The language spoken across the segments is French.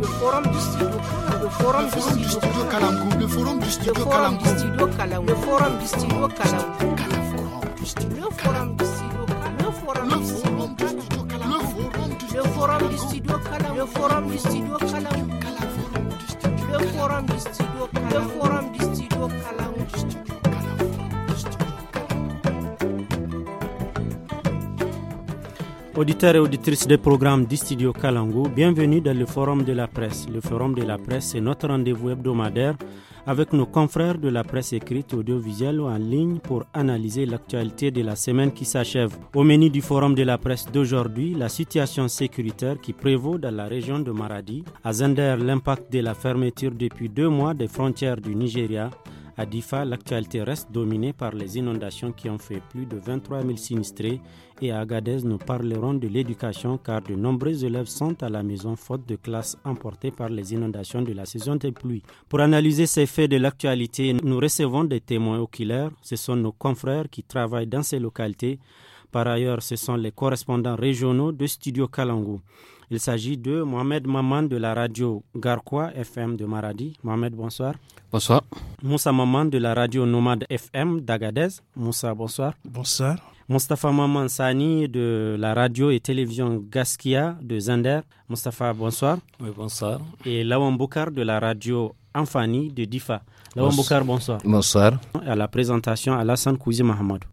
le forum du studio le forum du studio le forum du studio le forum du studio le forum du studio le le forum du studio le forum du studio le forum du studio le forum du studio Auditeurs et auditrices des programmes du studio bienvenue dans le Forum de la presse. Le Forum de la presse est notre rendez-vous hebdomadaire avec nos confrères de la presse écrite, audiovisuelle ou en ligne pour analyser l'actualité de la semaine qui s'achève. Au menu du Forum de la presse d'aujourd'hui, la situation sécuritaire qui prévaut dans la région de Maradi, à l'impact de la fermeture depuis deux mois des frontières du Nigeria, à Difa, l'actualité reste dominée par les inondations qui ont fait plus de 23 000 sinistrés et à Agadez, nous parlerons de l'éducation car de nombreux élèves sont à la maison faute de classe emportées par les inondations de la saison des pluies. Pour analyser ces faits de l'actualité, nous recevons des témoins oculaires. Ce sont nos confrères qui travaillent dans ces localités. Par ailleurs, ce sont les correspondants régionaux de Studio Kalangou. Il s'agit de Mohamed Maman de la radio Garquois FM de Maradi. Mohamed, bonsoir. Bonsoir. Moussa Maman de la radio Nomade FM d'Agadez. Moussa, bonsoir. Bonsoir. Mustapha Maman Sani de la radio et télévision Gaskia de Zander. Mustapha, bonsoir. Oui, bonsoir. Et Lawan Boukar de la radio Amfani de Difa. Lawan bonsoir. bonsoir. Bonsoir. À la présentation, Alassane Kouzi Mahamadou.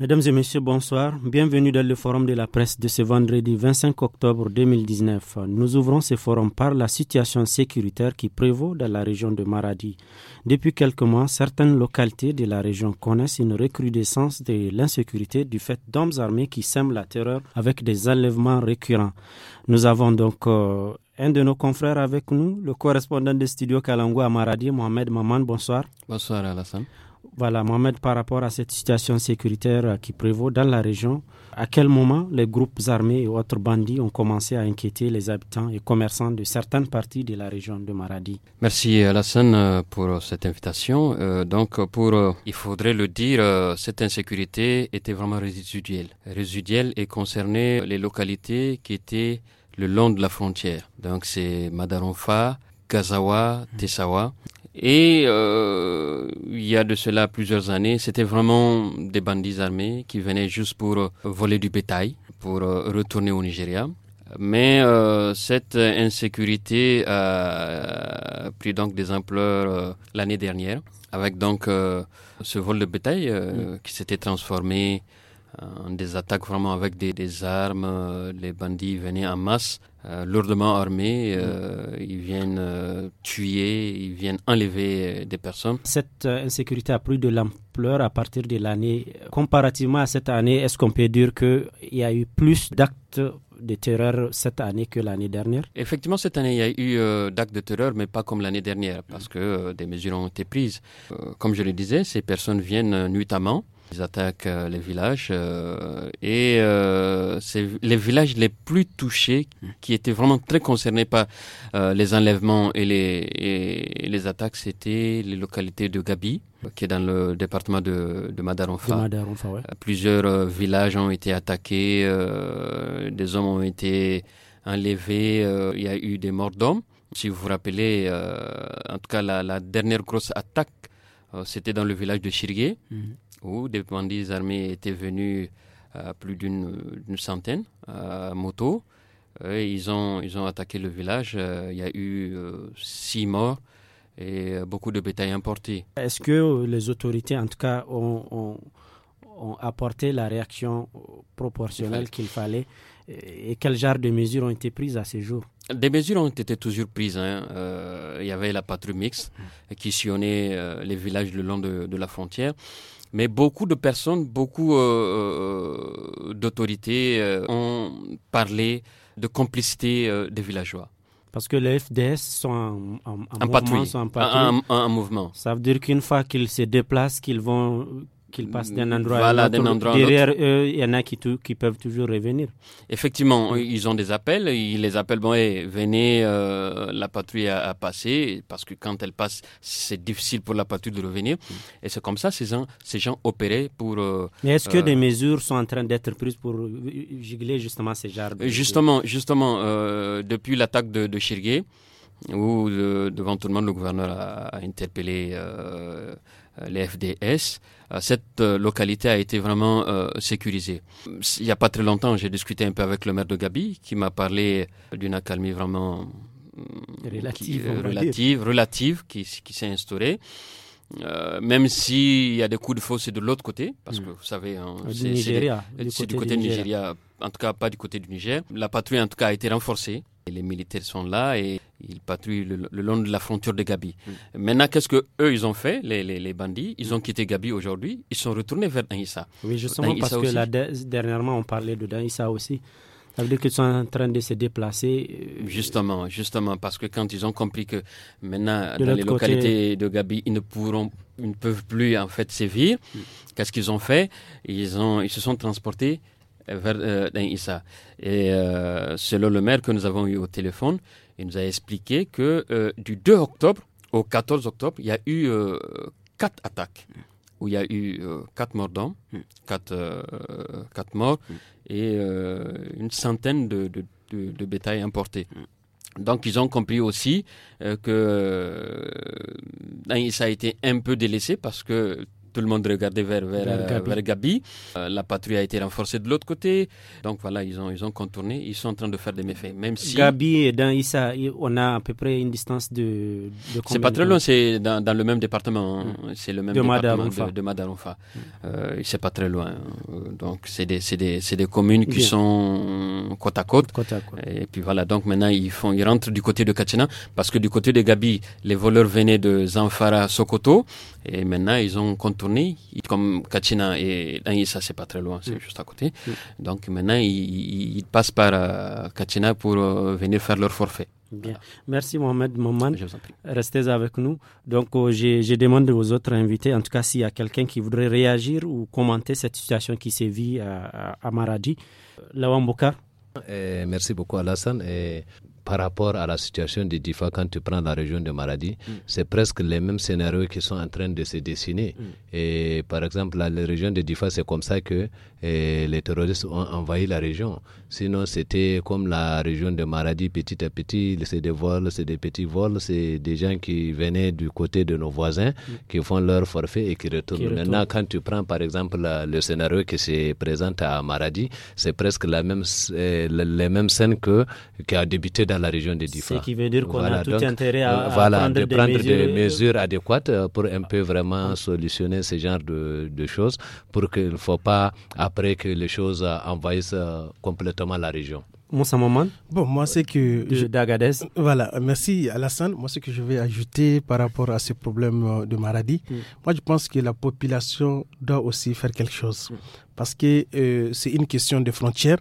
Mesdames et messieurs, bonsoir. Bienvenue dans le forum de la presse de ce vendredi 25 octobre 2019. Nous ouvrons ce forum par la situation sécuritaire qui prévaut dans la région de Maradi. Depuis quelques mois, certaines localités de la région connaissent une recrudescence de l'insécurité du fait d'hommes armés qui sèment la terreur avec des enlèvements récurrents. Nous avons donc euh, un de nos confrères avec nous, le correspondant de Studio Kalangou à Maradi, Mohamed Maman. Bonsoir. Bonsoir Alassane. Voilà, Mohamed, par rapport à cette situation sécuritaire qui prévaut dans la région, à quel moment les groupes armés et autres bandits ont commencé à inquiéter les habitants et commerçants de certaines parties de la région de Maradi Merci Alassane pour euh, cette invitation. Euh, donc, pour, euh, il faudrait le dire, cette insécurité était vraiment résiduelle. Résiduelle et concernait les localités qui étaient le long de la frontière. Donc, c'est Madaronfa, Gazawa, Tessawa. Et euh, il y a de cela plusieurs années, c'était vraiment des bandits armés qui venaient juste pour euh, voler du bétail, pour euh, retourner au Nigeria. Mais cette insécurité a pris donc des ampleurs l'année dernière, avec donc ce vol de bétail qui s'était transformé euh, des attaques vraiment avec des, armes. Euh, les bandits venaient en masse, euh, lourdement armés. Mm. ils viennent tuer, ils viennent enlever des personnes. Cette insécurité a pris de l'ampleur à partir de l'année. Comparativement à cette année, est-ce qu'on peut dire qu'il y a eu plus d'actes de terreur cette année que l'année dernière Effectivement, cette année, il y a eu d'actes de terreur, mais pas comme l'année dernière, parce mm. que des mesures ont été prises. comme je le disais, ces personnes viennent nuitamment. Ils attaquent euh, les villages euh, et euh, c'est les villages les plus touchés qui étaient vraiment très concernés par les enlèvements et les, et les attaques, c'était les localités de Gabi qui est dans le département de, de Madaronfa. Plusieurs villages ont été attaqués, des hommes ont été enlevés, il y a eu des morts d'hommes. Si vous vous rappelez, en tout cas, la, dernière grosse attaque, c'était dans le village de Chirgué. Mhm où des bandits armés étaient venus à euh, plus d'une centaine à euh, moto. ils, ont, ils ont attaqué le village. Euh, il y a eu six morts et beaucoup de bétail importé. Est-ce que les autorités, en tout cas, ont, ont, apporté la réaction proportionnelle qu'il fallait et quel genre de mesures ont été prises à ce jour Des mesures ont été toujours prises. Hein. il y avait la patrouille mixte mmh. qui sillonnait les villages le long de, de la frontière. Mais beaucoup de personnes, beaucoup euh, euh, d'autorités euh, ont parlé de complicité des villageois. Parce que les FDS sont en, mouvement. Ça veut dire qu'une fois qu'ils se déplacent, qu'ils vont, qu'ils passent d'un endroit à l'autre. Derrière eux, il y en a qui, peuvent toujours revenir. Effectivement, ils ont des appels. Ils les appellent, bon, venez, euh, la patrouille a, passé, parce que quand elle passe, c'est difficile pour la patrouille de revenir. Et c'est comme ça, ces gens, ces gens opéraient pour... Euh, Mais est-ce que euh, des mesures sont en train d'être prises pour gigler justement ces jardins? Justement, depuis l'attaque de, de Chirgué, où devant tout le monde, le gouverneur a, a interpellé... Euh, les FDS, euh, cette euh, localité a été vraiment sécurisée. Il n'y a pas très longtemps, j'ai discuté un peu avec le maire de Gabi qui m'a parlé d'une accalmie vraiment mm, relative, qui, relative, relative, qui, s'est instaurée. même s'il y a des coups de c'est de l'autre côté, parce mm. que vous savez, hein, c'est du côté, du Nigeria, en tout cas pas du côté du Niger. La patrouille en tout cas a été renforcée les militaires sont là et ils patrouillent le, long de la frontière de Gabi. Maintenant, qu'est-ce que eux ils ont fait, les, bandits Ils ont quitté Gabi aujourd'hui, ils sont retournés vers Danissa. Oui, justement, parce que dernièrement, on parlait de Danissa aussi. Ça veut dire qu'ils sont en train de se déplacer. Euh, justement, justement, parce que quand ils ont compris que maintenant, dans les localités de Gabi, ils ne pourront, ils ne peuvent plus en fait sévir, mm. qu'est-ce qu'ils ont fait ils, ont, ils se sont transportés vers euh, Et euh, selon le maire que nous avons eu au téléphone, il nous a expliqué que euh, du 2 octobre au 14 octobre, il y a eu quatre attaques où il y a eu quatre morts d'hommes, quatre, quatre, morts et une centaine de, de, de, bétail importé. Donc ils ont compris aussi que ça a été un peu délaissé parce que tout le monde regardait vers, vers, vers Gabi. Euh, la patrouille a été renforcée de l'autre côté. Donc voilà, ils ont, ils ont contourné. Ils sont en train de faire des méfaits. Même si... Gabi et dans Issa, on a à peu près une distance de, de C'est pas très loin c'est dans, le même département. Hein. Mm. C'est le même de département de, Madaronfa. Euh, c'est pas très loin. Hein. Donc c'est des, des, des, communes qui sont côte à côte. Et puis voilà, donc maintenant ils, font, ils rentrent du côté de Katina parce que du côté de Gabi, les voleurs venaient de Zanfara, Sokoto. Et maintenant ils ont contourné tourner. Comme Kachina et ça c'est pas très loin, c'est mm. juste à côté. Mm. Donc maintenant, ils, passent par euh, Kachina pour euh, venir faire leur forfait. Bien. Merci Mohamed Maman. Restez avec nous. Donc, euh, j'ai je, demande aux autres invités, en tout cas, s'il y a quelqu'un qui voudrait réagir ou commenter cette situation qui se vit à, à, Maradi. Lawan eh, merci beaucoup, Alassane. Et eh, par rapport à la situation de Difa quand tu prends la région de Maradi, mm. c'est presque les mêmes scénarios qui sont en train de se dessiner. Mm. Et par exemple, la, région de Difa, c'est comme ça que eh, les terroristes ont envahi la région. Sinon, c'était comme la région de Maradi, petit à petit, c'est des vols, c'est des petits vols, c'est des gens qui venaient du côté de nos voisins, mm. qui font leur forfait et qui retournent. Maintenant, quand tu prends par exemple le scénario qui se présente à Maradi, c'est presque la même, eh, les mêmes scènes que, qui a débuté dans la région de Difa. Ce qui veut dire qu'on a tout intérêt à, euh, prendre, des, mesures... adéquates euh, pour un peu vraiment solutionner ce genre de, choses, pour qu'il ne faut pas, après que les choses euh, envahissent complètement la région. Moussa Maman Bon, moi, c'est que. De, voilà, merci Alassane. Moi, ce que je vais ajouter par rapport à ce problème de maladie, mm. moi, je pense que la population doit aussi faire quelque chose. Mm. Parce que c'est une question de frontières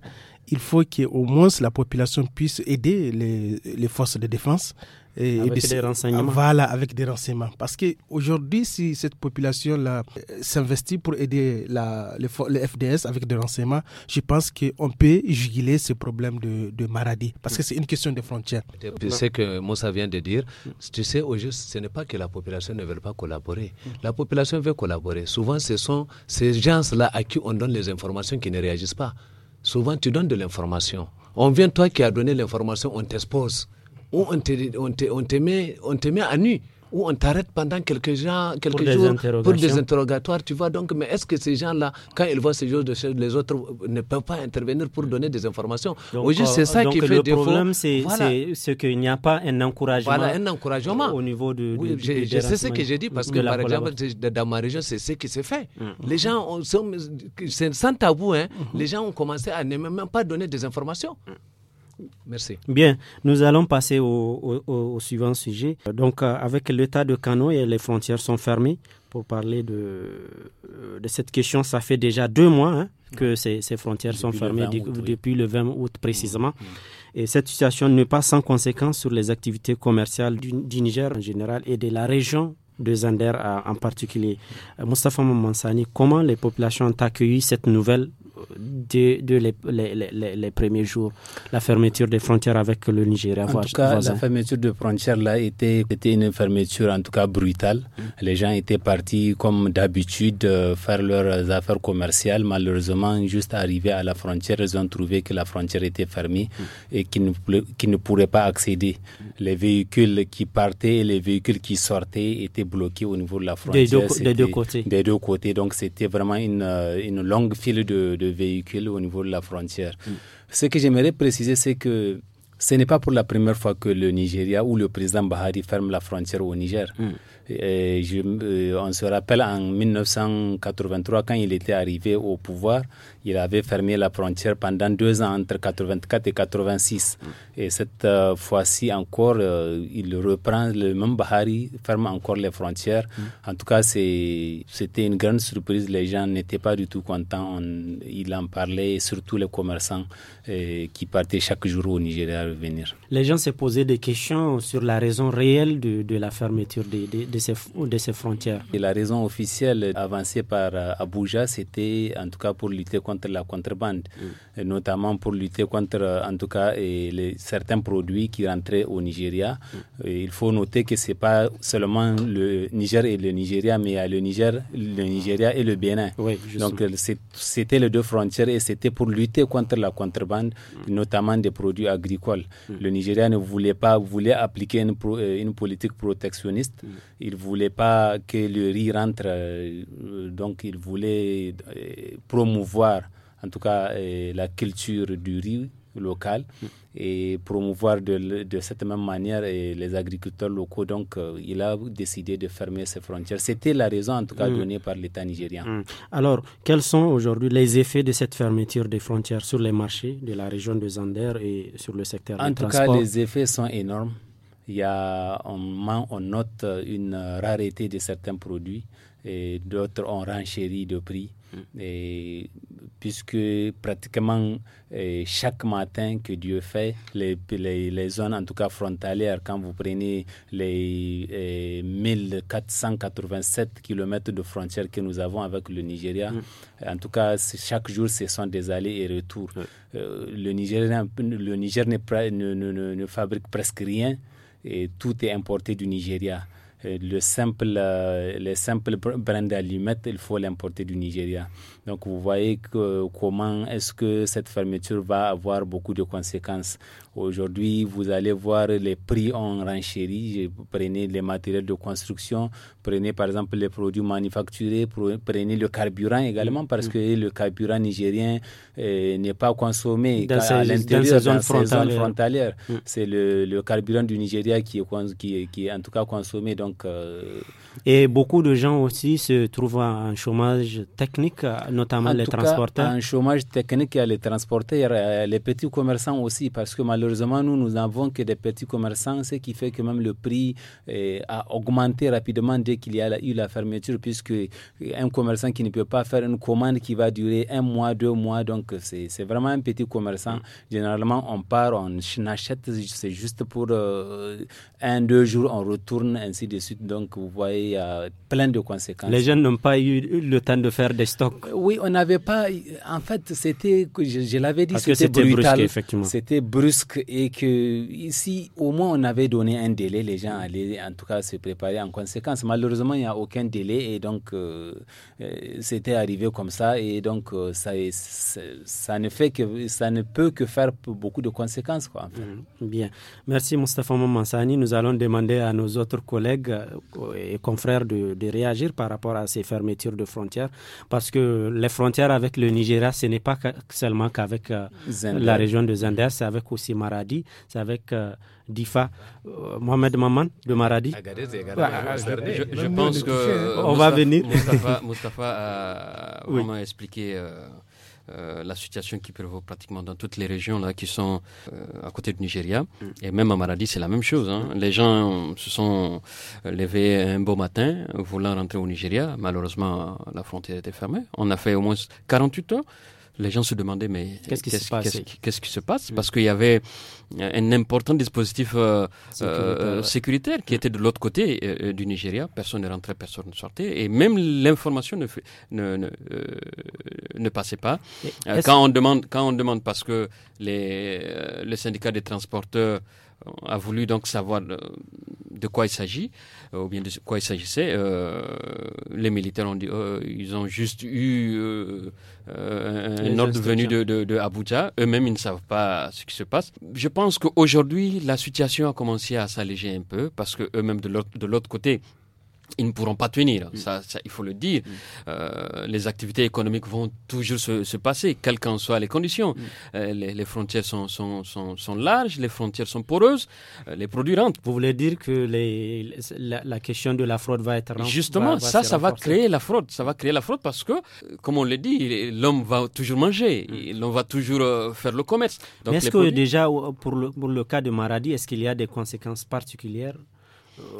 il faut qu'au moins la population puisse aider les, forces de défense. Et avec des renseignements. Voilà, avec des renseignements. Parce qu'aujourd'hui, si cette population-là euh, s'investit pour aider le les, FDS avec des renseignements, je pense qu'on peut juguler ce problème de, de maladie. Parce que c'est une question de frontières. C'est que Moussa vient de dire. Tu sais, au juste, ce n'est pas que la population ne veut pas collaborer. La population veut collaborer. Souvent, ce sont ces gens-là à qui on donne les informations qui ne réagissent pas. Souvent, tu donnes de l'information. On vient, toi qui as donné l'information, on t'expose. Ou on te, on, on, te met, on te met à nu où on t'arrête pendant quelques, quelques jours pour des interrogatoires, tu vois. Donc, mais est-ce que ces gens-là, quand ils voient ces choses de les autres, ne peuvent pas intervenir pour donner des informations Au juste, c'est euh, ça qui fait le problème, c'est qu'il n'y a pas un encouragement, voilà, un encouragement. au niveau de. Oui, je sais ce que j'ai dit parce que, par exemple, dans ma région, c'est ce qui s'est fait. Mm-hmm. Les gens, ont, sans tabou, hein, mm-hmm. les gens ont commencé à ne même pas donner des informations. Mm-hmm. Merci. Bien, nous allons passer au, suivant sujet. Donc, euh, avec l'état de et les frontières sont fermées. Pour parler de, euh, cette question, ça fait déjà deux mois hein, que ces, frontières sont fermées depuis le 20 août précisément. Mmh, mmh. Et cette situation n'est pas sans conséquence sur les activités commerciales du, Niger en général et de la région de Zander euh, en particulier. Moustapha Mansani, comment les populations ont accueilli cette nouvelle de, les, premiers jours, la fermeture des frontières avec le Nigeria. En tout cas, la fermeture des frontières là était, était, une fermeture en tout cas brutale. Mm. Les gens étaient partis comme d'habitude euh, faire leurs affaires commerciales. Malheureusement, juste arrivés à la frontière, ils ont trouvé que la frontière était fermée mm. et qu'ils ne, qu ne pourraient pas accéder. Mm. Les véhicules qui partaient et les véhicules qui sortaient étaient bloqués au niveau de la frontière. Des deux, côtés. Des deux côtés. Donc c'était vraiment une, euh, une longue file de véhicules au niveau de la frontière. Mm. Ce que j'aimerais préciser, c'est que ce n'est pas pour la première fois que le Nigeria ou le président Bahari ferme la frontière au Niger. Mm. Euh, on se rappelle en 1983, quand il était arrivé au pouvoir, il avait fermé la frontière pendant deux ans entre 84 et 86. Mm. Et cette euh, fois-ci encore, euh, il reprend, le même Bahari ferme encore les frontières. Mm. En tout cas, c'était une grande surprise. Les gens n'étaient pas du tout contents. il en parlait, surtout les commerçants qui partaient chaque jour au Nigeria venir. Les gens se posaient des questions sur la raison réelle de, la fermeture de, ces, frontières. la raison officielle avancée par euh, Abuja, c'était en tout cas pour lutter contre la contrebande, mm. notamment pour lutter contre euh, en tout cas certains produits qui rentraient au Nigeria. Mm. il faut noter que ce n'est pas seulement le Niger et le Nigeria, mais il le Niger, le Nigeria et le Bénin. Donc euh, c'était les deux frontières et c'était pour lutter contre la contrebande, mm. notamment des produits agricoles. Hmm. Le Nigeria ne voulait pas, voulait appliquer une, euh, politique protectionniste. Hmm. Il ne voulait pas que le riz rentre, euh, donc il voulait euh, promouvoir en tout cas la culture du riz locale mm. et promouvoir de, de cette même manière les agriculteurs locaux. Donc, euh, il a décidé de fermer ses frontières. C'était la raison, en tout cas, mm. donnée par l'État nigérien. Mm. Alors, quels sont aujourd'hui les effets de cette fermeture des frontières sur les marchés de la région de Zander et sur le secteur en En tout cas, les effets sont énormes. Il y a, on, on note une euh, rareté de certains produits et d'autres ont renchéri de prix. Mm. Et, puisque pratiquement chaque matin que Dieu fait, les, les, zones en tout cas frontalières, quand vous prenez les 1487 km de frontières que nous avons avec le Nigeria, mm. en tout cas chaque jour ce sont des allers et retours. le euh, le Niger ne fabrique presque rien et tout est importé du Nigeria. Euh, le simple, euh, les simples brins d'allumettes, il faut l'importer du Nigeria. Donc vous voyez comment est-ce que cette fermeture va avoir beaucoup de conséquences. Aujourd'hui, vous allez voir les prix en renchéri. Prenez les matériels de construction, prenez par exemple les produits manufacturés, prenez le carburant également, mm, parce mm. que le carburant nigérien euh, n'est pas consommé dans à l'intérieur de ces zones frontalières. Frontalière. Mm. C'est le, carburant du Nigeria qui est, qui, en tout cas consommé. Donc, euh, Et beaucoup de gens aussi se trouvent en chômage technique, notamment en les tout transporteurs. Cas, en chômage technique, à les transporteurs, les petits commerçants aussi, parce que malheureusement, Heureusement, nous, nous n'avons que des petits commerçants, ce qui fait que même le prix eh, a augmenté rapidement dès qu'il y a eu la fermeture, puisque eh, un commerçant qui ne peut pas faire une commande qui va durer un mois, deux mois, donc c'est vraiment un petit commerçant. Mm. Généralement, on part, on achète, c'est juste pour euh, un, deux jours, on retourne, ainsi de suite. Donc, vous voyez, il y a plein de conséquences. Les jeunes n'ont pas eu le temps de faire des stocks. Euh, oui, on n'avait pas. En fait, c'était, je, je l'avais dit, c'était brutal. C'était brusque et que si au moins, on avait donné un délai, les gens allaient en tout cas se préparer en conséquence. Malheureusement, il n'y a aucun délai et donc euh, euh, c'était arrivé comme ça et donc euh, ça, ça, ne fait que, ça ne peut que faire beaucoup de conséquences. Quoi. Mm-hmm. Bien. Merci, Moustapha Mansani. Nous allons demander à nos autres collègues et confrères de, réagir par rapport à ces fermetures de frontières parce que les frontières avec le Nigeria, ce n'est pas seulement qu'avec la région de Zinder, c'est avec aussi Maradi, c'est avec euh, Difa, euh, Mohamed Maman de Maradi. Ah, bah, je, pense que hein. on va venir. Mustapha a vraiment expliqué. Euh, la situation qui prévaut pratiquement dans toutes les régions là, qui sont à côté du Nigeria. Mm. Et même à Maradi, c'est la même chose. Hein. Mm. Les gens se sont levés un beau matin voulant rentrer au Nigeria. Malheureusement, la frontière était fermée. On a fait au moins 48 heures les gens se demandaient mais qu'est-ce qui se passe mm. Parce qu'il y avait euh, un important dispositif euh, euh, sécuritaire qui mm. était de l'autre côté du Nigeria. Personne ne rentrait, personne ne sortait, et même l'information ne, passait pas. Quand on demande, parce que les, le syndicat des transporteurs euh, a voulu donc savoir euh, de quoi il s'agit, euh, ou bien de quoi il s'agissait. les militaires ont dit, ils ont juste eu euh, un ordre venu de, de, de Abuja. Eux-mêmes, ils ne savent pas ce qui se passe. Je pense qu'aujourd'hui, la situation a commencé à s'alléger un peu parce que eux-mêmes de l'autre côté, ils ne pourront pas tenir. Mm. Ça, il faut le dire. Mm. Euh, les activités économiques vont toujours se, passer, quelles qu'en soient les conditions. Mm. Euh, les, frontières sont, larges, les frontières sont poreuses, euh, les produits rentrent. Vous voulez dire que la, question de la fraude va être Justement, ça, ça va créer la fraude. Ça va créer la fraude parce que, comme on le dit, l'homme va toujours manger, l'homme va toujours faire le commerce. Est-ce que déjà, pour le cas de Maradi, est-ce qu'il y a des conséquences particulières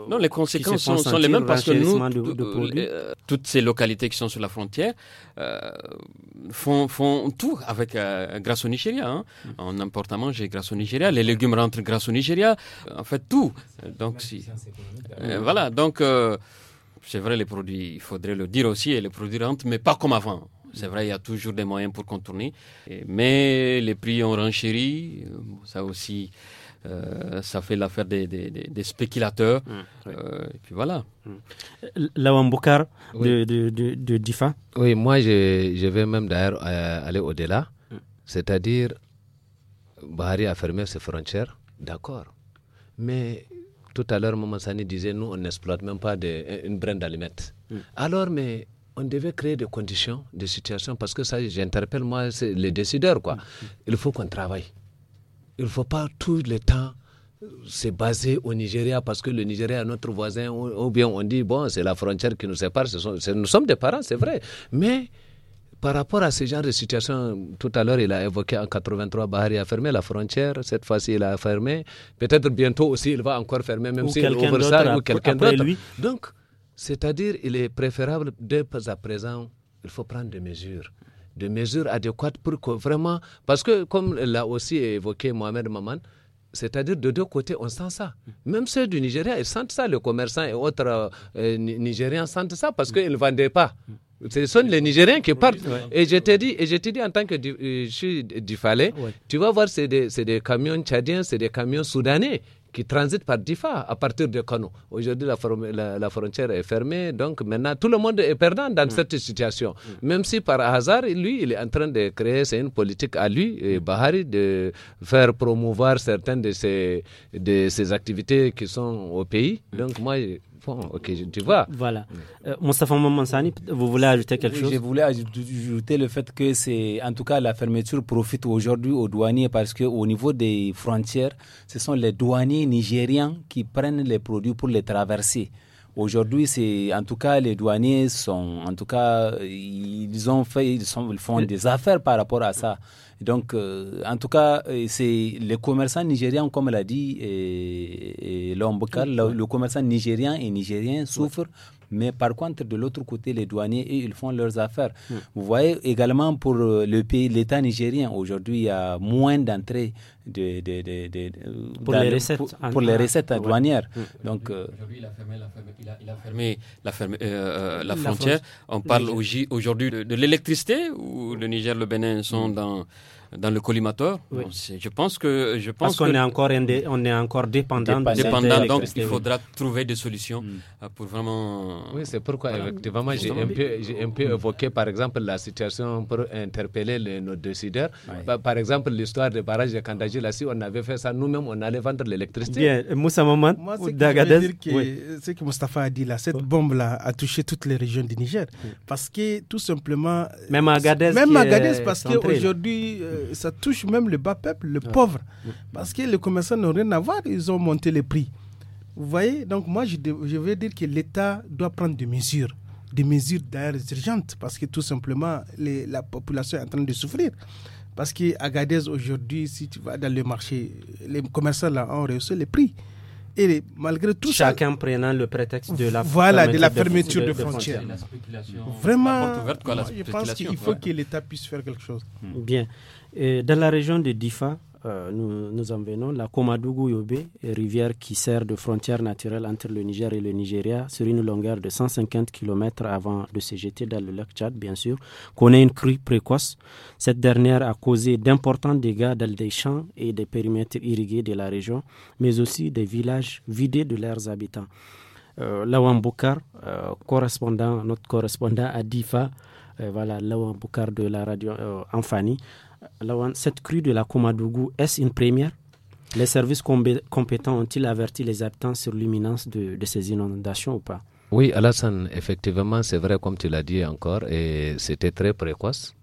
non, les conséquences sont, les mêmes parce que nous, euh, toutes ces localités qui sont sur la frontière euh, font, tout avec euh, grâce au Nigeria. Hein. On mm. importe manger grâce au Nigeria, les légumes rentrent grâce au Nigeria, en fait tout. Donc, voilà, donc c'est vrai, les produits, il faudrait le dire aussi, les produits rentrent, mais pas comme avant. C'est vrai, il y a toujours des moyens pour contourner, mais les prix ont renchéri, ça aussi. Euh, ça fait l'affaire des, des, spéculateurs. Mmh, euh, et puis voilà. Mmh. Lawan de, DIFA. Oui, moi je, vais même d'ailleurs euh, aller au-delà. Mmh. C'est-à-dire, Bahari a fermé ses frontières, d'accord. Mais tout à l'heure, Sani disait nous, on n'exploite même pas une brène d'allumettes. Mmh. Alors, mais on devait créer des conditions, des situations, parce que ça, j'interpelle moi les décideurs. quoi. Il faut qu'on travaille il ne faut pas tout le temps euh, se baser au Nigeria parce que le Nigeria est notre voisin, ou, bien on dit, bon, c'est la frontière qui nous sépare, ce nous sommes des parents, c'est vrai. Mais par rapport à ce genre de situation, tout à l'heure, il a évoqué en 83, Bahari a fermé la frontière. Cette fois-ci, il a fermé. Peut-être bientôt aussi, il va encore fermer, même si ça ou quelqu'un d'autre. Donc, c'est-à-dire, il est préférable, dès à présent, il faut prendre des mesures de mesures adéquates pour que vraiment, parce que comme l'a aussi évoqué Mohamed Maman, c'est-à-dire de deux côtés, on sent ça. Même ceux du Nigeria, ils sentent ça. Les commerçants et autres euh, Nigériens sentent ça parce qu'ils ne vendaient pas. Ce sont les Nigériens qui partent. Et je t'ai dit, et je dit en tant que du, euh, je du Falais, tu vas voir, c'est des, des, camions tchadiens, c'est des camions soudanais qui transitent par Difa à partir de Kano. Aujourd'hui, la, la, frontière est fermée, donc maintenant tout le monde est perdant dans mm. cette situation. Mm. Même si par hasard, lui, il est en train de créer, c'est une politique à lui, et mm. Bahari, de faire promouvoir certaines de ses, de activités qui sont au pays. Donc moi, Bon, ok, tu vois. Voilà. Euh, vous voulez ajouter quelque chose Je voulais ajouter le fait que c'est, en tout cas, la fermeture profite aujourd'hui aux douaniers parce qu'au niveau des frontières, ce sont les douaniers nigériens qui prennent les produits pour les traverser. Aujourd'hui, c'est en tout cas les douaniers sont, en tout cas, ils ont fait, ils, font des affaires par rapport à ça. Donc, euh, en tout cas, euh, c'est les commerçants nigériens, comme l'a dit et, euh, le, commerçant nigérien et nigérien souffrent. Mais par contre, de l'autre côté, les douaniers, ils font leurs affaires. Vous voyez, également pour le pays, l'État nigérien, aujourd'hui, il y a moins d'entrées pour, les recettes, pour, douanières. Donc, aujourd'hui, il, a fermé la, euh, euh, frontière. On parle aujourd'hui de, l'électricité ou le Niger, le Bénin sont mm. dans dans le collimateur. Je pense que je pense qu'on est encore indé, on est encore dépendant. Dépendant, donc il faudra trouver des solutions hmm. euh, pour vraiment. Oui, c'est pourquoi effectivement j'ai un peu évoqué par exemple la situation pour interpeller nos décideurs. par exemple l'histoire des barrages de Kandaji, là si on avait fait ça nous-mêmes on allait vendre l'électricité. Bien, Moussa Maman, d'Agadez. ce que, Moustapha que Mustafa a dit là, cette bombe là a touché toutes les régions du Niger parce que tout simplement. Même Agadez. Même Agadez parce qu'aujourd'hui euh, ça touche même le bas peuple, le pauvre, parce que les commerçants n'ont rien à voir, ils ont monté les prix. Vous voyez, donc moi je, veux dire que l'État doit prendre des mesures, des mesures d'ailleurs urgentes, parce que tout simplement la population est en train de souffrir. Parce qu'à Gadez aujourd'hui, si tu vas dans le marché, les commerçants là ont reçu les prix et malgré tout Chacun prenant le prétexte de la, voilà, de la fermeture de, frontières. Vraiment, je pense qu'il faut que l'État puisse faire quelque chose. Bien. dans la région de Difa, euh, nous, en venons, la Komadougou Yobe, rivière qui sert de frontière naturelle entre le Niger et le Nigeria, sur une longueur de 150 km avant de se jeter dans le lac Tchad, bien sûr, connaît une crue précoce. Cette dernière a causé d'importants dégâts dans des champs et des périmètres irrigués de la région, mais aussi des villages vidés de leurs habitants. Euh, Lawan Boukar, euh, correspondant, notre correspondant à Difa, voilà, Lawan Boukar de la radio Enfani, cette crue de la Komadougou, est-ce une première Les services compétents ont-ils averti les habitants sur l'imminence de, ces inondations ou pas oui, Alassane, effectivement, c'est vrai, comme tu l'as dit encore, et c'était très précoce.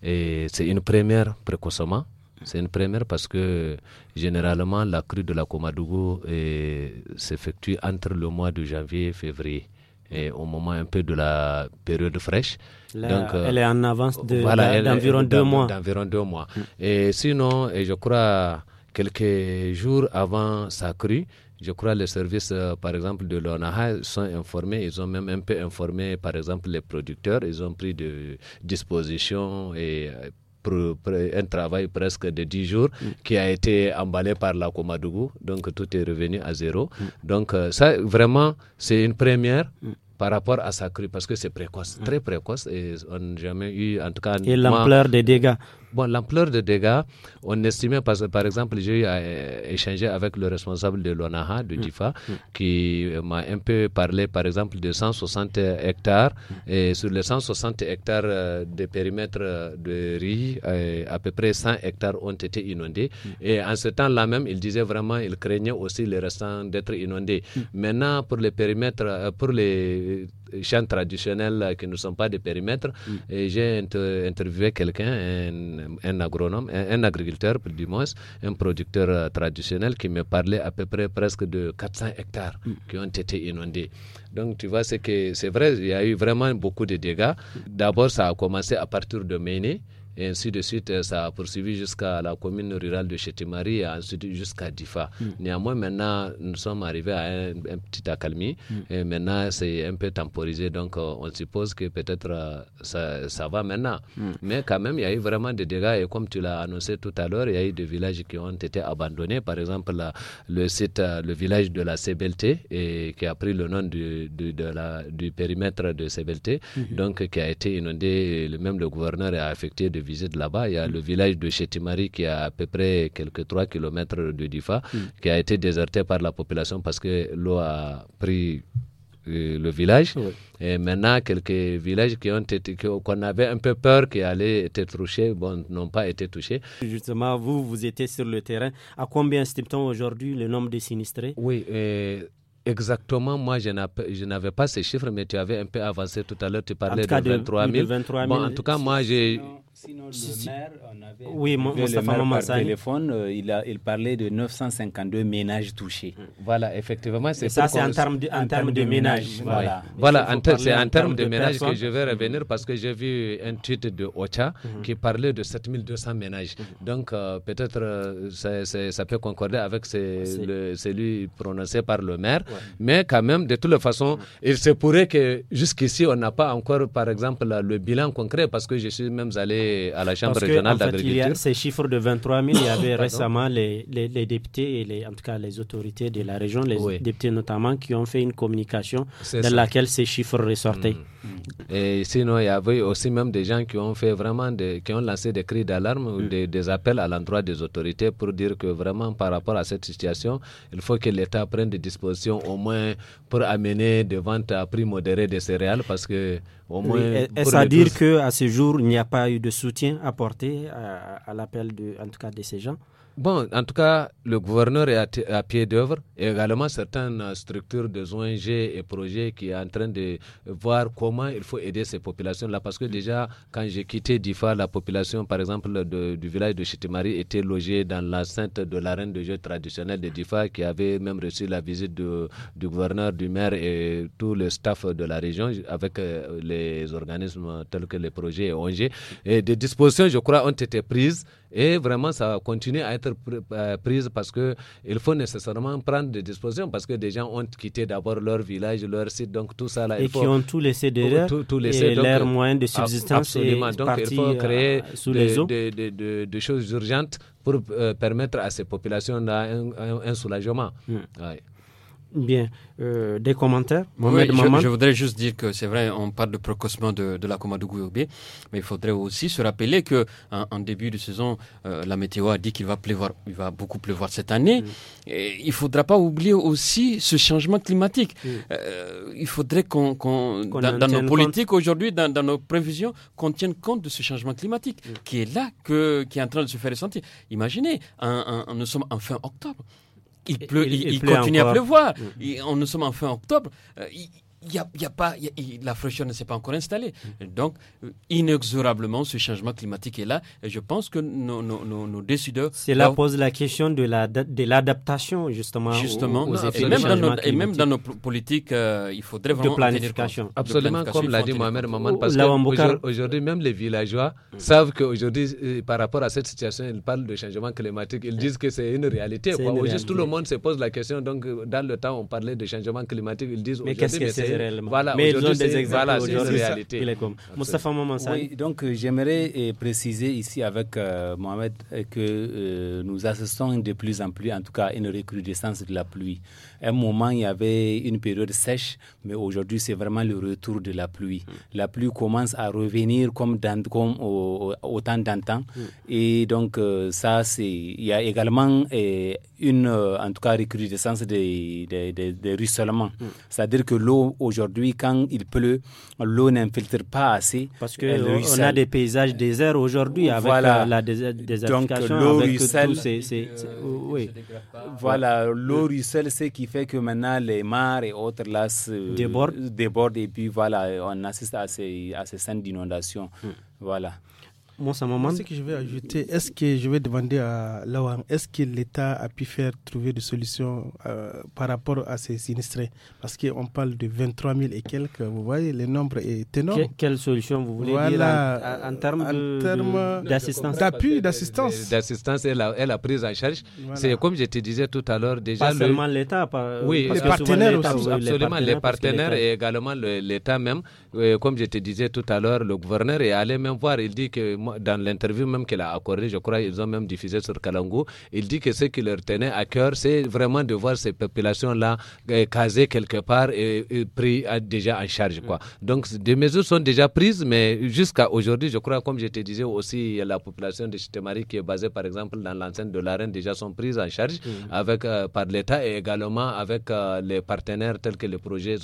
Et c'est une première précocement. C'est une première parce que généralement, la crue de la Comadougou eh, s'effectue entre le mois de janvier et février et au moment un peu de la période fraîche. Donc, euh, elle est en avance d'environ de, deux mois. D'environ deux mois. Mm. Et sinon, et je crois quelques jours avant sa crue, je crois les services, euh, par exemple, de l'ONAHA sont informés. Ils ont même un peu informé, par exemple, les producteurs. Ils ont pris des dispositions et euh, un travail presque de 10 jours mm. qui a été emballé par la Comadougou. Donc tout est revenu à zéro. Mm. Donc euh, ça, vraiment, c'est une première. Mm. par rapport à sa crue, parce que c'est précoce, très précoce, et on n'a jamais eu, en tout cas... Et l'ampleur des dégâts. Bon, l'ampleur des dégâts, on estimait, parce que par exemple, j'ai euh, échangé avec le responsable de l'ONAHA, de mmh. DIFA, mmh. qui m'a un peu parlé, par exemple, de 160 hectares. Mmh. Et sur les 160 hectares euh, de périmètre euh, de riz, à peu près 100 hectares ont été inondés. Et en ce temps-là même, il disait vraiment, il craignait aussi les restants d'être inondés. Maintenant, pour les périmètres, pour les champs traditionnels qui ne sont pas des périmètres. Mm. Et j'ai interviewé quelqu'un, un, agronome, un, agriculteur agriculteur, du moins, un producteur euh, traditionnel qui me parlait à peu près presque de 400 hectares mm. qui ont été inondés. Donc tu vois, c'est que c'est vrai, il y a eu vraiment beaucoup de dégâts. Mm. D'abord, ça a commencé à partir de Méné. Et ainsi de suite, euh, ça a poursuivi jusqu'à la commune rurale de Chetimari et ensuite jusqu'à Difa. Mm. Néanmoins, maintenant, nous sommes arrivés à un, petit accalmie. Mm. Et maintenant, c'est un peu temporisé. Donc, euh, on suppose que peut-être euh, ça, ça, va maintenant. Mm. Mais quand même, il y a eu vraiment des dégâts. Et comme tu l'as annoncé tout à l'heure, il y a eu des villages qui ont été abandonnés. Par exemple, le site, le village de la Sebelté et, qui a pris le nom du, de la, du périmètre de Sébelté, mm-hmm. donc qui a été inondé. même le gouverneur a affecté des visite là-bas. Il y a mm. le village de Chetimari qui est à peu près quelques 3 km de Difa, mm. qui a été déserté par la population parce que l'eau a pris euh, le village. Et maintenant, quelques villages qui ont été, qu'on avait un peu peur qu'ils allaient être touchés, bon, n'ont pas été touchés. Justement, vous, vous étiez sur le terrain. À combien estime-t-on aujourd'hui le nombre de sinistrés Oui, euh, Exactement, moi je n'avais pas ces chiffres, mais tu avais un peu avancé tout à l'heure, tu parlais de, 23 000. en tout cas, moi j'ai... Sinon, le maire, on avait oui, mon, le téléphone, euh, il, a, il parlait de 952 ménages touchés. Hum. Voilà, effectivement. c'est Ça, c'est en termes de, en de, ménages. Voilà, voilà c'est en termes de, ménage ménages que je vais hum. revenir parce que j'ai vu un tweet de OCHA hum. qui parlait de 7200 ménages. Donc, euh, peut-être euh, ça, peut concorder avec celui prononcé par le maire. Mais quand même, de toute façon, il se pourrait que jusqu'ici, on n'a pas encore, par exemple, le bilan concret, parce que je suis même allé à la Chambre régionale d'agriculture. En fait, ces chiffres de 23 000, il y avait récemment les, les, députés, et les, en tout cas les autorités de la région, les députés notamment, qui ont fait une communication dans laquelle ces chiffres ressortaient. Mm. Et sinon, il y avait aussi même des gens qui ont fait vraiment, qui ont lancé des cris d'alarme ou mm. des, des appels à l'endroit des autorités pour dire que vraiment, par rapport à cette situation, il faut que l'État prenne des dispositions au moins pour amener des ventes à prix modéré des céréales parce que au moins. Est-ce à dire qu'à que à ce jour il n'y a pas eu de soutien apporté à, à l'appel de en tout cas de ces gens? Bon, en tout cas, le gouverneur est à, pied d'œuvre et également certaines structures des ONG et projets qui est en train de voir comment il faut aider ces populations-là. Parce que déjà, quand j'ai quitté Difa, la population, par exemple, du village de Chitimari était logée dans l'enceinte de l'arène de jeu traditionnelle de Difa qui avait même reçu la visite du gouverneur, du maire et tout le staff de la région avec euh, les organismes tels que les projets et ONG. Et des dispositions, je crois, ont été prises et vraiment, ça continuer à être euh, prise parce qu'il faut nécessairement prendre des dispositions parce que des gens ont quitté d'abord leur village, leur site, donc tout ça là. Et qui ont tout laissé derrière. et leur moyen de subsistance absolument. donc il faut euh, créer sous les De, choses urgentes pour euh, permettre à ces populations-là un, soulagement. Hmm. Bien. Euh, des commentaires je, voudrais juste dire que c'est vrai, on parle de précocement de, de la de Gouyoubé, mais il faudrait aussi se rappeler que en, début de saison, euh, la météo a dit qu'il va pleuvoir, il va beaucoup pleuvoir cette année. Il mm. Et il faudra pas oublier aussi ce changement climatique. Mm. Euh, il faudrait qu'on, dans, nos politiques aujourd'hui, dans, nos prévisions, qu'on tienne compte de ce changement climatique mm. qui est là, que, qui est en train de se faire ressentir. Imaginez, nous sommes en fin octobre il, pleut, il, continue à pleuvoir. Mm. on nous sommes en fin octobre. Euh, a, y a pas, la fraîcheur ne s'est pas encore installée. Donc, euh, inexorablement, ce changement climatique est là. Et je pense que nos, décideurs. Cela pose la question de l'adaptation, la, de justement. Justement, et, même dans nos, et même dans nos politiques, euh, il faudrait vraiment. De planification. Absolument, comme l'a dit Mohamed Maman, parce que aujourd'hui, même les villageois mm. savent qu'aujourd'hui, euh, par rapport à cette situation, ils parlent de changement climatique. Ils disent que c'est une réalité. tout le monde se pose la question. Donc, dans le temps, on parlait de changement climatique. Ils disent qu'est-ce que c'est voilà, mais ils ont des exemples voilà, réalité. Il est comme. Moustapha Mamansan. Oui, donc euh, j'aimerais euh, préciser ici avec euh, Mohamed que nous assistons de plus en plus, en tout cas, une recrudescence de la pluie. À un moment, il y avait une période sèche, mais aujourd'hui, c'est vraiment le retour de la pluie. Hmm. La pluie commence à revenir comme, dans, comme au, temps d'antan. Hmm. Et donc, ça, c'est. Il y a également une, euh, en tout cas, recrudescence des, des, hmm. C'est-à-dire que l'eau, aujourd'hui, quand il pleut, l'eau n'infiltre pas assez. Parce que qu'on euh, a des paysages déserts aujourd'hui avec voilà. Euh, la désertification. Donc, l'eau ruisselle. oui. Voilà, l'eau ruisselle, c'est qui fait que maintenant les mares et autres là se débordent. et puis voilà, on assiste à ces, à ces scènes d'inondation. Hmm. Voilà. Moi, ça Ce que je vais ajouter, est-ce que je vais demander à Lawan, est-ce que l'État a pu faire trouver des solutions euh, par rapport à ces sinistrés Parce qu'on parle de 23 000 et quelques, vous voyez, le nombre est énorme. quelle solution vous voulez dire en, en termes d'assistance D'appui, d'assistance. D'assistance et a pris prise en charge. C'est comme je te disais tout à l'heure, déjà. Pas seulement l'État, euh, oui, les partenaires aussi. Absolument, les partenaires et également l'État même. Euh, comme je te disais tout à l'heure, le gouverneur est allé même voir, il dit que dans l'interview même qu'il a accordée, je crois, ils ont même diffusé sur Kalangu, il dit que ce qui leur tenait à cœur, c'est vraiment de voir ces populations-là euh, casées quelque part et, prises pris euh, déjà en charge. Quoi. Mm. Donc, des mesures sont déjà prises, mais jusqu'à aujourd'hui, je crois, comme je te disais aussi, la population de Chitemari qui est basée, par exemple, dans l'enceinte de l'arène, déjà sont prises en charge mm. avec, euh, par l'État et également avec les partenaires tels que le projet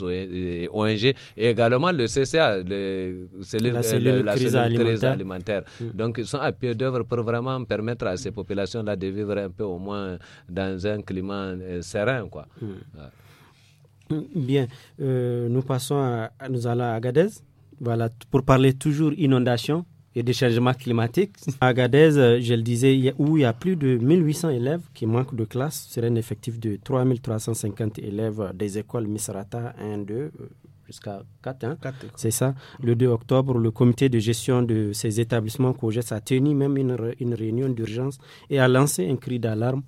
ONG et également le CCA, le, la, cellule la crise alimentaire. Mm. Donc, ils sont à pied d'œuvre pour vraiment permettre à ces mm. populations-là de vivre un peu au moins dans un climat euh, serein. Quoi. Mm. Bien, euh, nous passons à, nous allons à Agadez. Voilà, pour parler toujours inondation et déchargement climatique. Agadez, euh, je le disais, où il y a plus de 1800 élèves qui manquent de classe, c'est un effectif de 3350 élèves des écoles Misrata 1, 2, jusqu'à 4, hein. c'est ça. Le 2 octobre, le comité de gestion de ces établissements COGES a tenu même une, réunion d'urgence et a lancé un cri d'alarme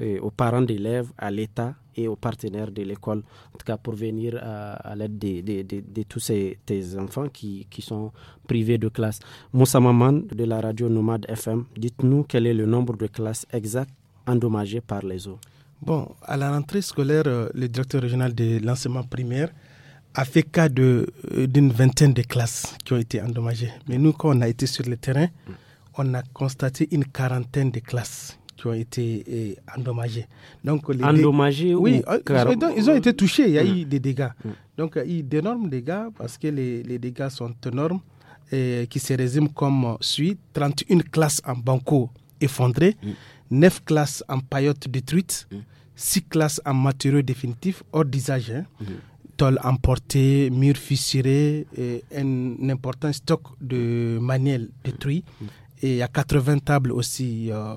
euh, aux parents d'élèves, à l'État et aux partenaires de l'école, en tout cas pour venir à, l'aide de, tous ces, enfants qui, sont privés de classe. Moussa Maman de la radio Nomade FM, dites-nous quel est le nombre de classes exactes endommagées par les eaux. Bon, à la rentrée scolaire, euh, le directeur régional de l'enseignement primaire a fait cas euh, d'une vingtaine de classes qui ont été endommagées. Mais nous, quand on a été sur le terrain, on a constaté une quarantaine de classes qui ont été euh, endommagées. Donc, les endommagées Oui, euh, ils, ont, ils, ont, été touchés, il y a mm. eu des dégâts. Mm. Donc, il y a eu d'énormes dégâts parce que les, les dégâts sont énormes et qui se résument comme suit 31 classes en banco effondrées, 9 mm. classes en paillotes détruites, 6 classes en matériaux définitifs hors d'usage. Hein tôle emportée, murs fissurés, et un, important stock de manuels détruits. Mm. Et il y a 80 tables aussi euh,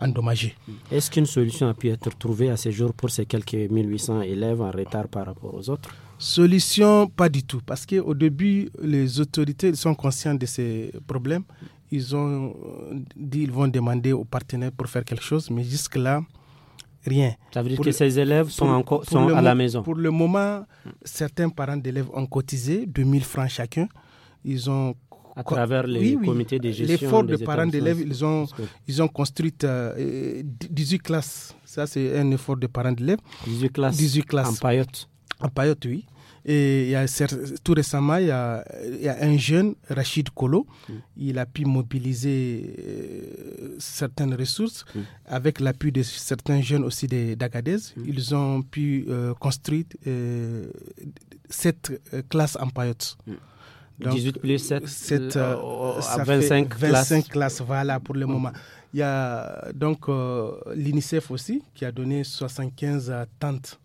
endommagées. Mm. Est-ce qu'une solution a pu être trouvée à ce jour pour ces quelques 1800 élèves en retard par rapport aux autres Solution, pas du tout. Parce qu'au début, les autorités sont conscientes de ces problèmes. Ils ont euh, dit qu'ils vont demander aux partenaires pour faire quelque chose. Mais jusque-là, rien. Ça veut dire que ces élèves sont, encore, sont à la maison Pour le moment, certains parents d'élèves ont cotisé 2000 francs chacun. Ils ont à travers les oui, de gestion. L'effort de parents d'élèves, ils ont, ils ont construit 18 euh, euh, classes. Ça, c'est un effort de parents d'élèves. 18 classes, 18 classes. En Payotte. En Payotte, oui. Et tout récemment, il y a, un jeune, Rachid Kolo, mm. il a pu mobiliser euh, certaines ressources mm. avec l'appui de certains jeunes aussi d'Agadez. Mm. Ils ont pu euh, construire euh, cette euh, classe en paillotes. 18 plus 7, 25, 25 classes. Voilà pour le moment. Il y a donc l'UNICEF aussi qui a donné 75 tentes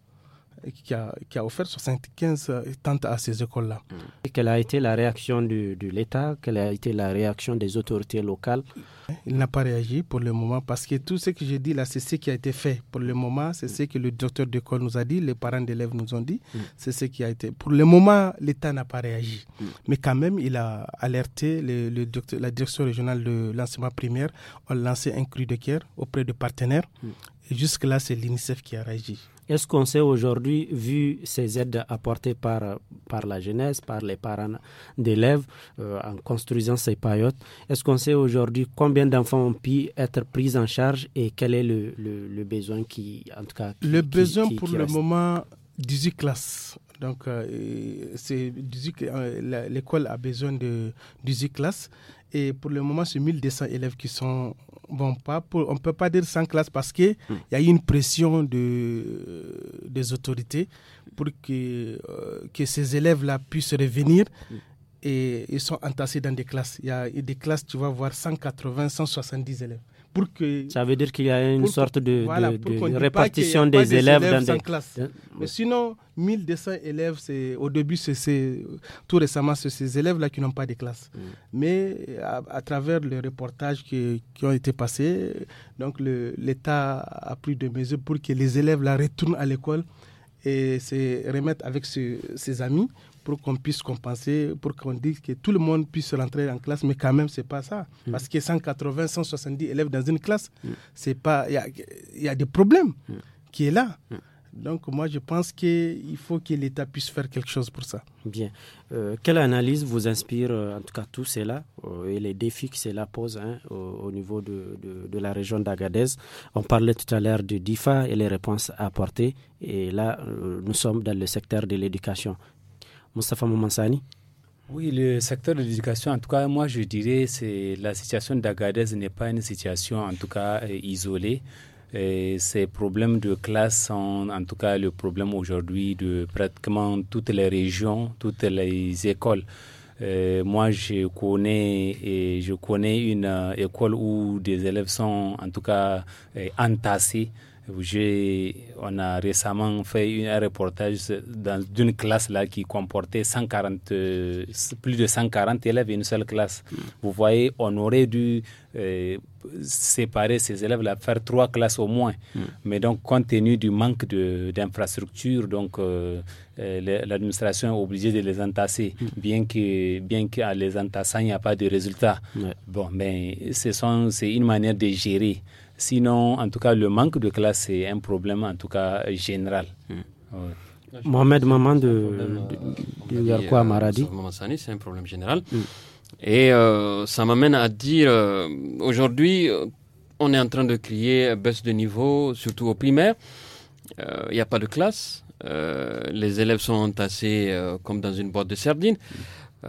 qui a, a offert 75 tentes euh, à ces écoles-là. Mm. Quelle a été la réaction de, l'État Quelle a été la réaction des autorités locales Il n'a pas réagi pour le moment parce que tout ce que j'ai dit là, c'est ce qui a été fait. Pour le moment, c'est mm. ce que le docteur d'école nous a dit, les parents d'élèves nous ont dit, mm. c'est ce qui a été. Pour le moment, l'État n'a pas réagi. Mais quand même, il a alerté le, docteur, la direction régionale de l'enseignement primaire. On a lancé un cri de guerre auprès de partenaires. jusque-là, c'est l'UNICEF qui a réagi. Est-ce qu'on sait aujourd'hui, vu ces aides apportées par, par la jeunesse, par les parents d'élèves, euh, en construisant ces paillotes, est-ce qu'on sait aujourd'hui combien d'enfants ont pu être pris en charge et quel est le, le, besoin qui, en tout cas... le besoin pour le moment, 18 classes. Donc, euh, c'est euh, l'école a besoin de 18 classes. Et pour le moment, c'est 1200 élèves qui sont pas on ne peut pas dire sans classe parce qu'il hmm. il y a eu une pression de, des autorités pour que, euh, que ces élèves-là puissent revenir. Hmm. Et ils sont entassés dans des classes. Il y a des classes, tu vas voir, 180, 170 élèves. Pour ça veut dire qu'il y a une sorte de, répartition des, élèves, dans des classes. Mais sinon, 1200 élèves, c'est au début, c'est tout récemment, c'est ces élèves-là qui n'ont pas de classe. Mm. Mais à, travers les reportages qui, ont été passés, donc l'État a pris des mesures pour que les élèves la retournent à l'école et se remettent avec ses amis pour qu'on puisse compenser, pour qu'on dise que tout le monde puisse rentrer en classe, mais quand même, ce n'est pas ça. Mm. Parce que 180, 170 élèves dans une classe, mm. il y a, y a, des problèmes mm. qui est là. Donc moi, je pense qu'il faut que l'État puisse faire quelque chose pour ça. Bien. Euh, quelle analyse vous inspire, euh, en tout cas, tout cela euh, et les défis que cela pose hein, au, niveau de, de, la région d'Agadez On parlait tout à l'heure du DIFA et les réponses apportées. Et là, nous sommes dans le secteur de l'éducation. Moustapha Oui, le secteur de l'éducation, en tout cas, moi je dirais que la situation d'Agadez n'est pas une situation, en tout cas, euh, isolée. Euh, ces problèmes de classe sont en tout cas le problème aujourd'hui de pratiquement toutes les régions, toutes les écoles. Euh, moi, je connais, et je connais une école où des élèves sont en tout cas entassés on a récemment fait un reportage dans classe là qui comportait euh, plus de 140 élèves, une seule classe. Vous voyez, on aurait dû euh, séparer ces élèves-là, faire trois classes au moins. Mm. Mais donc, compte tenu du manque d'infrastructures, donc euh, l'administration est obligée de les entasser, mm. bien que bien qu'en les entassant, il n'y a pas de résultat. Bon, mais ce sont, c'est une manière de gérer. Sinon, en tout cas, le manque de classe, c'est un problème, en tout cas, général. Hmm. Mohamed Maman de, de, euh, euh, Maman Maradi. C'est un problème général. Hmm. Et euh, ça m'amène à dire, aujourd'hui, on est en train de crier baisse de niveau, surtout au primaire. Il n'y a pas de classe. les élèves sont entassés comme dans une boîte de sardines.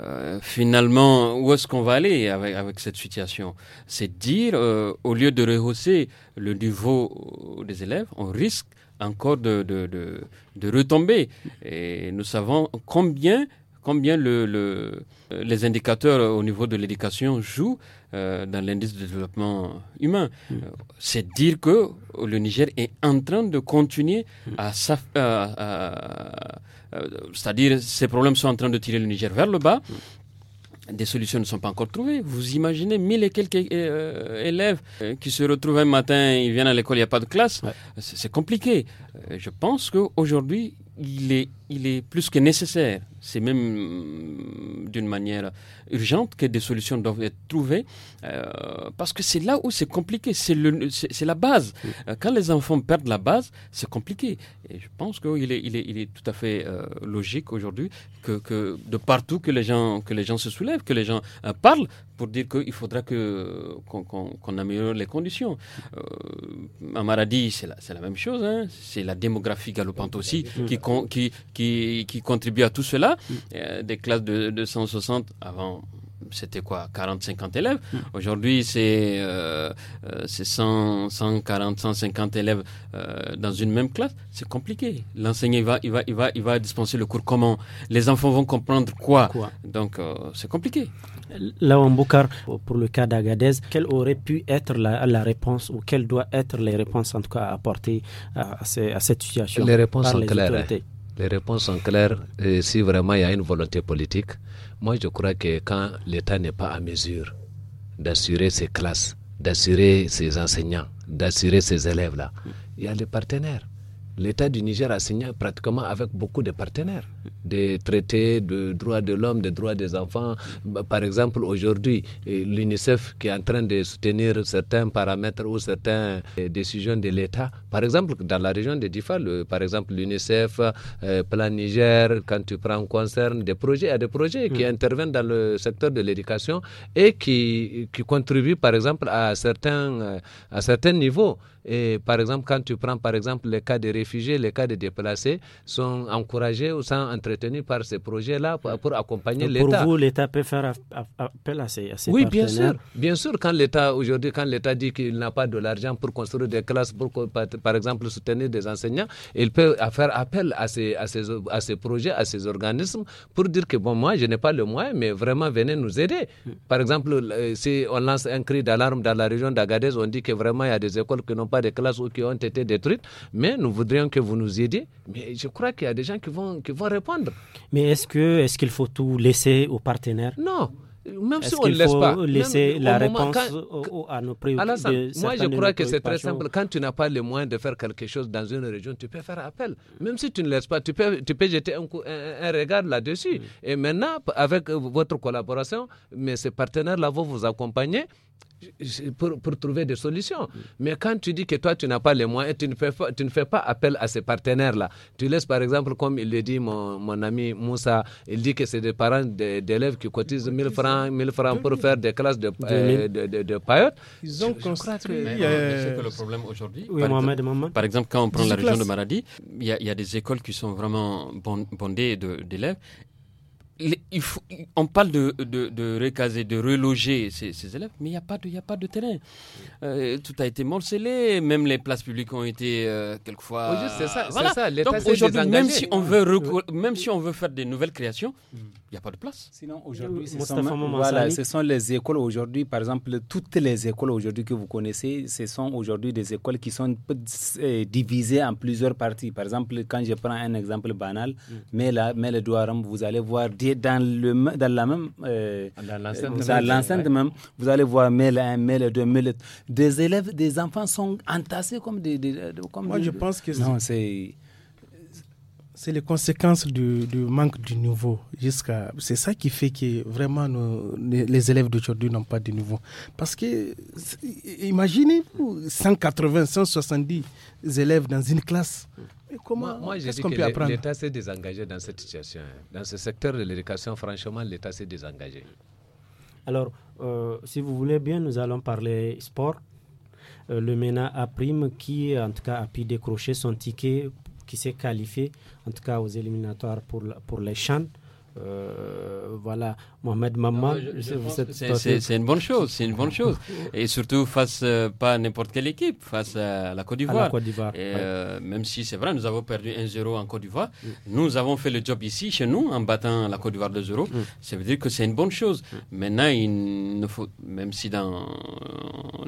Euh, finalement, où est-ce qu'on va aller avec, cette situation C'est dire, euh, au lieu de rehausser le niveau euh, des élèves, on risque encore de, de, retomber. Et nous savons combien, combien le, les indicateurs au niveau de l'éducation jouent dans l'indice de développement humain. Mm. C'est dire que le Niger est en train de continuer à euh, c'est-à-dire, ces problèmes sont en train de tirer le Niger vers le bas. Des solutions ne sont pas encore trouvées. Vous imaginez mille et quelques euh, euh, élèves qui se retrouvent un matin, ils viennent à l'école, il n'y a pas de classe. C'est compliqué. Je pense qu'aujourd'hui, il est, il est plus que nécessaire c'est même euh, d'une manière urgente que des solutions doivent être trouvées, euh, parce que c'est là où c'est compliqué, c'est le, c'est la base. Euh, quand les enfants perdent la base, c'est compliqué. Et je pense qu'il est, il est, il est, tout à fait logique aujourd'hui que, de partout que les gens, que les gens se soulèvent, que les gens parlent, pour dire qu'il faudra que, qu'on, améliore les conditions. Euh, à Maradi, c'est la, même chose. Hein. C'est la démographie galopante aussi qui, qui, contribue à tout cela. Mm. Euh, des classes de, de 160 avant c'était quoi 40-50 élèves. Mmh. Aujourd'hui, c'est 140, euh, 150 euh, élèves euh, dans une même classe. C'est compliqué. L'enseignant, il va, il, va, va, il va dispenser le cours comment Les enfants vont comprendre quoi, Donc, c'est compliqué. Là, en Boukar, pour le cas d'Agadez, quelle aurait pu être la, réponse ou quelles doivent être les réponses en tout cas apportées à, cette situation Les réponses par les claires. Hein. Les réponses sont claires. si vraiment il y a une volonté politique, moi je crois que quand l'État n'est pas à mesure d'assurer ses classes, d'assurer ses enseignants, d'assurer ses élèves-là, il y a les partenaires. L'État du Niger a signé pratiquement avec beaucoup de partenaires des traités de droits de l'homme, des droits des enfants. Par exemple, aujourd'hui, eh, l'UNICEF qui est en train de soutenir certains paramètres ou certaines eh, décisions de l'État. Par exemple, dans la région de Difa, par exemple, l'UNICEF, eh, Plan Niger, quand tu prends en concerne des projets, il y a des projets qui mm. interviennent dans le secteur de l'éducation et qui, qui contribuent, par exemple, à certains, à certains niveaux. Et par exemple, quand tu prends, par exemple, les cas des réfugiés, les cas des déplacés sont encouragés ou sont entretenu par ces projets-là pour, accompagner l'État. Pour vous, l'État peut faire appel à ces, à oui, bien sûr. Bien sûr, quand l'État, aujourd'hui, quand l'État dit qu'il n'a pas de l'argent pour construire des classes, pour, par exemple, soutenir des enseignants, il peut faire appel à ces, à ces, à ces projets, à ces organismes pour dire que, bon, moi, je n'ai pas le moyen, mais vraiment, venez nous aider. Hmm. Par exemple, si on lance un cri d'alarme dans la région d'Agadez, on dit que vraiment, il y a des écoles qui n'ont pas de classes ou qui ont été détruites, mais nous voudrions que vous nous aidiez. Mais je crois qu'il y a des gens qui vont, qui vont répondre mais est-ce que est-ce qu'il faut tout laisser aux partenaires Non. Même si on ne laisse pas. laisser même la faut réponse la réponse à nos préoccupations. Moi, je crois que c'est très simple. Quand tu n'as pas les moyens de faire quelque chose dans une région, tu peux faire appel. Même si tu ne laisses pas, tu peux, tu peux jeter un, un, regard là-dessus. Mm. Et maintenant, avec votre collaboration, mais ces partenaires-là vont vous accompagner pour, pour, trouver des solutions. Mais quand tu dis que toi, tu n'as pas les moyens, tu ne, fais pas, tu ne fais pas appel à ces partenaires-là. Tu laisses, par exemple, comme il le dit mon, mon ami Moussa, il dit que c'est des parents d'élèves qui cotisent 1000 francs, 1000 francs pour faire des classes euh, de, de, de, paillotes. Ils ont construit. Euh, le problème aujourd'hui, par, exemple, quand on prend la région de Maradi, il y, y, a des écoles qui sont vraiment bondées d'élèves il faut, on parle de, de, recaser, de reloger ces, élèves, mais il n'y a, pas de, a pas de terrain. Euh, tout a été morcelé, même les places publiques ont été euh, quelquefois. c'est ça, voilà. ça Donc aujourd'hui, même, si on veut même si on veut faire des nouvelles créations, mm. il n'y a pas de place. Sinon, aujourd'hui, ce, voilà, ce, sont les écoles aujourd'hui, par exemple, toutes les écoles aujourd'hui que vous connaissez, ce sont aujourd'hui des écoles qui sont euh, divisées en plusieurs parties. Par exemple, quand je prends un exemple banal, mm. mais, là mais le vous allez voir 10 dans, le, dans la même. Euh, dans l'enceinte euh, même, vous allez voir mail un mail deux Des élèves, des enfants sont entassés comme des. Euh, Moi, je pense que c'est. C'est les conséquences du, manque de niveau. Jusqu'à, c'est ça qui fait que vraiment les élèves d'aujourd'hui n'ont pas de nouveau Parce que, imaginez 180, 170 élèves dans une classe. Comment Moi, j'ai dit que l'État s'est désengagé dans cette situation. Hein. Dans ce secteur de l'éducation, franchement, l'État s'est désengagé. Alors, euh, si vous voulez bien, nous allons parler sport. Euh, le MENA A prime qui, en tout cas, a pu décrocher son ticket, qui s'est qualifié, en tout cas, aux éliminatoires pour, pour les Chans. Euh, voilà, Mohamed Maman, c'est une bonne chose, c'est une bonne chose. Et surtout face, euh, pas n'importe quelle équipe, face à la Côte d'Ivoire. Euh, même si c'est vrai, nous avons perdu 1-0 en Côte d'Ivoire, mm. nous avons fait le job ici, chez nous, en battant la Côte d'Ivoire 2-0. Mm. Ça veut dire que c'est une bonne chose. Mm. Maintenant, il ne faut, même si dans,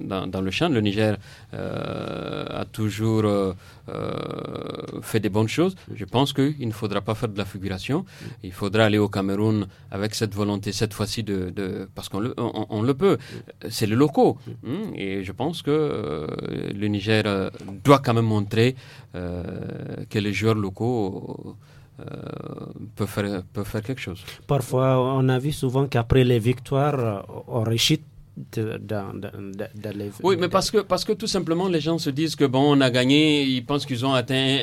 dans, le champ. Le Niger euh, a toujours euh, euh, fait des bonnes choses. Je pense qu'il ne faudra pas faire de la figuration. Il faudra aller au Cameroun avec cette volonté, cette fois-ci, de, parce qu'on le, on, le peut. C'est les locaux. Hum, et je pense que le Niger doit quand même montrer que les joueurs locaux... peuvent faire, peut faire quelque chose. Parfois, on a vu souvent qu'après les victoires, on réussit oui, mais parce que, parce que tout simplement, les gens se disent que bon, on a gagné, ils pensent qu'ils ont atteint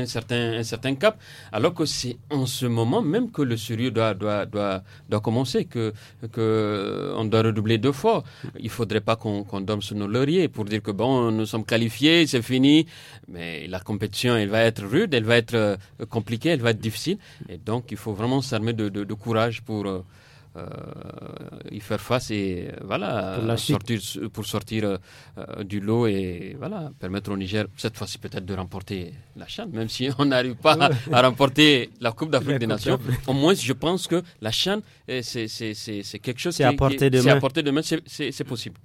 un, certain, un certain cap, alors que c'est en ce moment même que le sérieux doit, doit, doit, doit commencer, qu'on que doit redoubler deux fois. Il faudrait pas qu'on qu dorme sur nos lauriers pour dire que bon, nous sommes qualifiés, c'est fini, mais la compétition, elle va être rude, elle va être euh, compliquée, elle va être difficile, et donc il faut vraiment s'armer de courage pour euh, euh, y faire face et euh, voilà pour sortir euh, du lot et voilà permettre au Niger cette fois-ci peut-être de remporter la chaîne, même si on n'arrive pas à, remporter la Coupe d'Afrique des Nations au moins je pense que la chaîne eh, c'est quelque chose qui c'est à portée de main c'est possible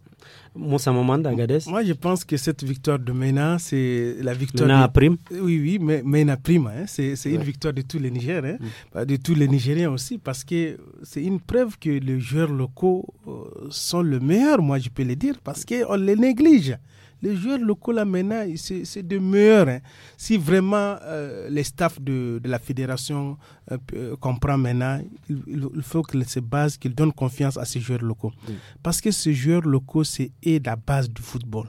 Moussa Moi, je pense que cette victoire de Mena, c'est la victoire. de... prime Oui, oui, mais Mena prime. Hein. C'est une victoire de tous les Nigériens, hein. mm. bah, de tous les Nigériens aussi, parce que c'est une preuve que les joueurs locaux euh, sont le meilleur, moi, je peux le dire, parce qu'on les néglige les joueurs locaux là maintenant, c'est de meilleurs. Hein. Si vraiment euh, les staffs de, la fédération euh, euh, comprennent comprend maintenant, il, faut qu'ils se base qu'ils donnent confiance à ces joueurs locaux. Parce que ces joueurs locaux, c'est la base du football.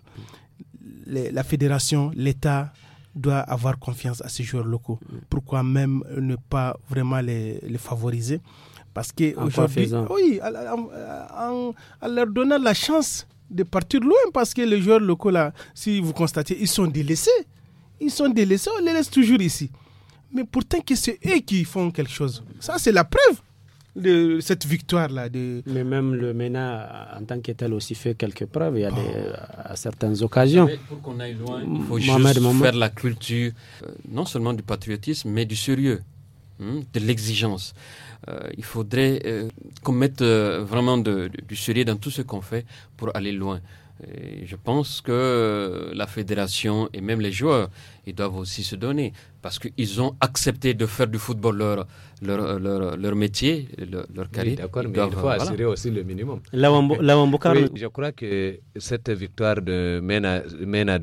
la fédération, l'État, doit avoir confiance à ces joueurs locaux. Pourquoi même ne pas vraiment les, favoriser Parce que oui, en, leur donnant la chance de partir loin parce que les joueurs locaux, là, si vous constatez, ils sont délaissés. Ils sont délaissés, on les laisse toujours ici. Mais pourtant que c'est eux qui font quelque chose. Ça, c'est la preuve de cette victoire-là. De... Mais même le MENA, en tant que tel, aussi fait quelques preuves. à certaines occasions. pour qu'on aille loin, il faut juste faire la culture, euh, non seulement du patriotisme, mais du sérieux, hmm, de l'exigence. Euh, il faudrait euh, qu'on mette euh, vraiment du sérieux dans tout ce qu'on fait pour aller loin. Et je pense que la fédération et même les joueurs, ils doivent aussi se donner parce qu'ils ont accepté de faire du football leur, leur, leur, métier, leur, carrière. D'accord, mais il faut assurer aussi le minimum. je crois que cette victoire de Mena, Mena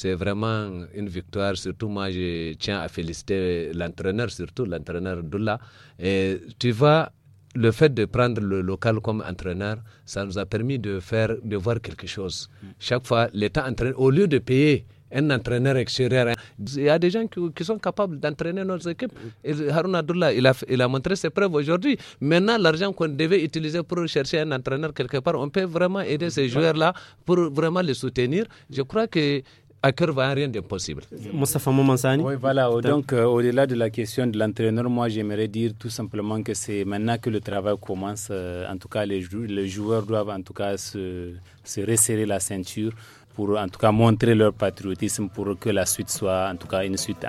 c'est vraiment une victoire. Surtout, moi, je tiens à féliciter l'entraîneur, surtout l'entraîneur Doula. Et tu vois, le fait de prendre le local comme entraîneur, ça nous a permis de faire, de voir quelque chose. Chaque fois, l'État entraîne, au lieu de payer un entraîneur extérieur, hein, il y a des gens qui, sont capables d'entraîner nos équipes. Et Harun Abdullah, il a, il a montré ses preuves aujourd'hui. Maintenant, l'argent qu'on devait utiliser pour chercher un entraîneur quelque part, on peut vraiment aider ces joueurs-là pour vraiment les soutenir. Je crois que à cœur rien d'impossible. Moustapha Moumansani Oui, voilà. Donc, euh, au-delà de la question de l'entraîneur, moi, j'aimerais dire tout simplement que c'est maintenant que le travail commence. Euh, en tout cas, les, les, joueurs doivent en tout cas se, se resserrer la ceinture, pour en tout cas montrer leur patriotisme pour que la suite soit en tout cas une suite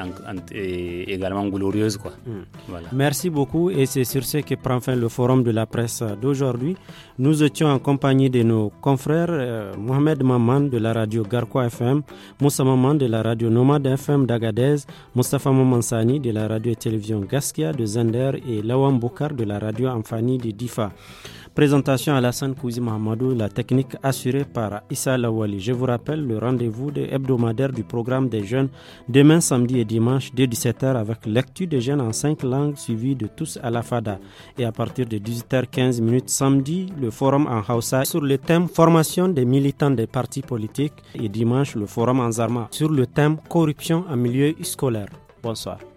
également glorieuse. Quoi. Hmm. Voilà. Merci beaucoup et c'est sur ce que prend fin le forum de la presse d'aujourd'hui. Nous étions en compagnie de nos confrères euh, Mohamed Maman de la radio Garqua FM, Moussa Maman de la radio Nomade FM d'Agadez, Mustafa Mamansani de la radio et télévision Gaskia de Zender et Lawan Boukar de la radio Amfani de Difa. Présentation à scène Kouzi Mahamadou, la technique assurée par Issa Lawali. Je vous rappelle le rendez-vous hebdomadaire du programme des jeunes demain samedi et dimanche dès 17h avec lecture des jeunes en cinq langues suivie de tous à la FADA. Et à partir de 18h15 samedi, le forum en Hausa sur le thème formation des militants des partis politiques et dimanche le forum en Zarma sur le thème corruption en milieu scolaire. Bonsoir.